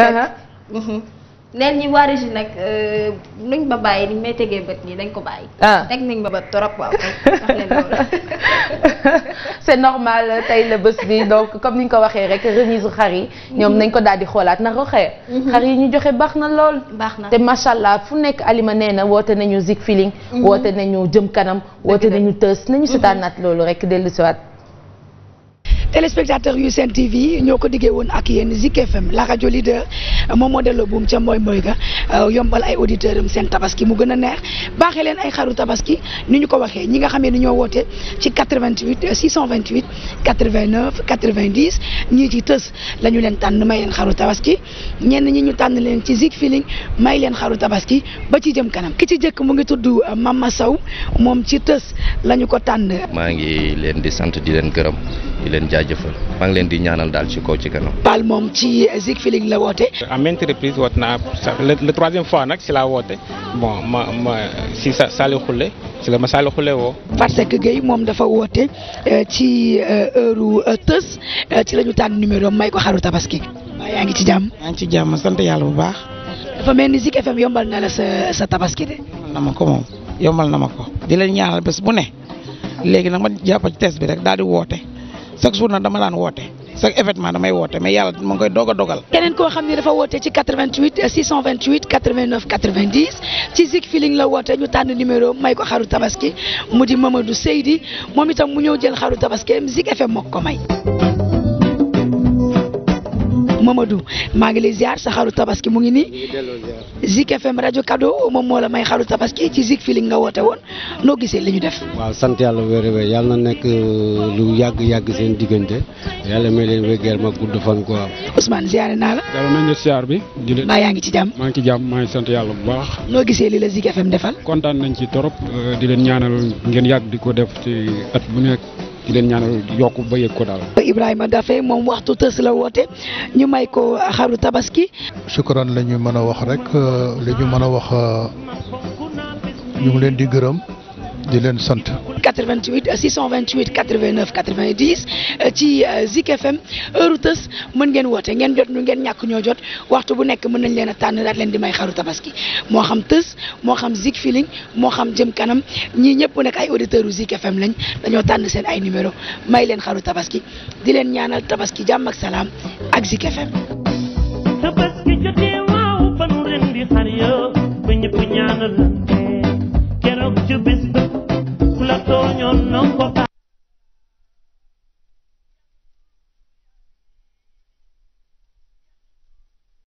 fekk. Mhm. neen ñi waa Régis nag euh, nuñ ba bàyyi ni may tegee bët nii dañ ko bàyyi. ah teg nañ ma bët trop waaw c'est normal tey la bés bi donc comme ni ñu ko waxee rek remise u xar yi. ñoom mhm. nañ ko daal di xoolaat na roxee mhm. xar yi ñu joxe baax na lool. baax na te macha allah fu nekk Alima nee na woote nañu Zik Feeling. woote nañu jëm kanam. woote nañu tës nañu setaanaat loolu rek dellusiwaat. téléspectateurs yu Sen TV ñoo ko diggee woon ak yéen Zik FM la rajo leader moom moo delloo buum ca mooy mooy ga euh, yombal ay auditeurs am seen tabaski mu gën a neex baaxee leen ay xaru tabaski ni ñu ko waxee ñi nga xamee ni ñoo woote ci vingt 88 628 89 90 ñii ci tës la ñu leen tànn may leen xaru tabaski ñenn ñi ñu tànn leen ci Zik Feeling may leen xaru tabaski ba ci jëm kanam ki ci jëkk mu ngi tudd euh, Mama Sow moom ci tës la ñu ko tànn. maa ngi leen di sant di leen gërëm. di leen jaajëfal maa ngi leen di ñaanal daal ci kaw ci kanam. Pal moom ci Zik Feeling la woote. à maintes reprises woot naa la troisième fois nag si laa woote bon ma ma si sa Sali Khoule si la ma Sali woo. parce que Guèye moom dafa woote euh, ci euh, heure euh, tës ci la ñu tànn numéro may ko xaru tabaski. waaw yaa ngi ci jàmm. yaa ngi ci jàmm sant yàlla bu baax. dafa mel ni Zik FM yombal na la sa sa tabaski de. yombal na ma ko moom yombal na ma ko. di leen ñaanal bés bu ne léegi nag ma jàpp ci test bi rek daal di woote. chaque jour nag dama daan woote chaque événement damay woote mais yàlla mu ngi koy doog a dogal. keneen koo xam ne dafa woote ci 88 628 89 90 ci Zik Feeling la woote ñu tànn numéro may ko xaru tabaski mu di Mamadou Seydi moom itam mu ñëw jël xaru tabaski Zik FM moo ko may. Mamadou maa ngi lay ziar sa xaru tabaski mu ngi nii Zik FM rajo cadeau moom moo la may xaru tabaski ci Zik nga woote woon noo gisee li ñu def. waaw sant yàlla wér wér yàlla na nekk euh, lu yàgg yàgg seen diggante yàlla may leen wéggeel ma gudd fan ko Ousmane ziare naa la. dara nañ la ziar ngi ci jàmm. maa ngi ci jàmm maa sant yàlla bu baax. noo gisee li la Zik defal. kontaan nañ ci torop euh, di leen ñaanal ngeen yàgg di ko def ci at bu nekk. di leen ñaanal yokk ba yëg ko daal. Ibrahima Daffé moom waxtu tës la woote ñu may ko xaru tabaski. sukkuraan la ñu mën a wax rek euh, li ñu mën a wax euh, ñu leen di gërëm di leen sant. 88 628 89 90 ci euh, Zik FM heure tës mën ngeen woote ngeen jot ñu ngeen ñàkk ñoo jot waxtu bu nekk mën nañ leen a tànn daat leen di may xaru tabaski moo xam tës moo xam Zik Feeling moo xam jëm kanam ñii ñëpp nekk ay auditeurs u Zik FM lañ dañoo tànn seen ay numéro may leen xaru tabaski di leen ñaanal tabaski jàmm ak salaam ak Zik FM tabaski jotee waaw ba nu ren di xar yo ba ñëpp ñaanal keroog ci bis Antonio non ko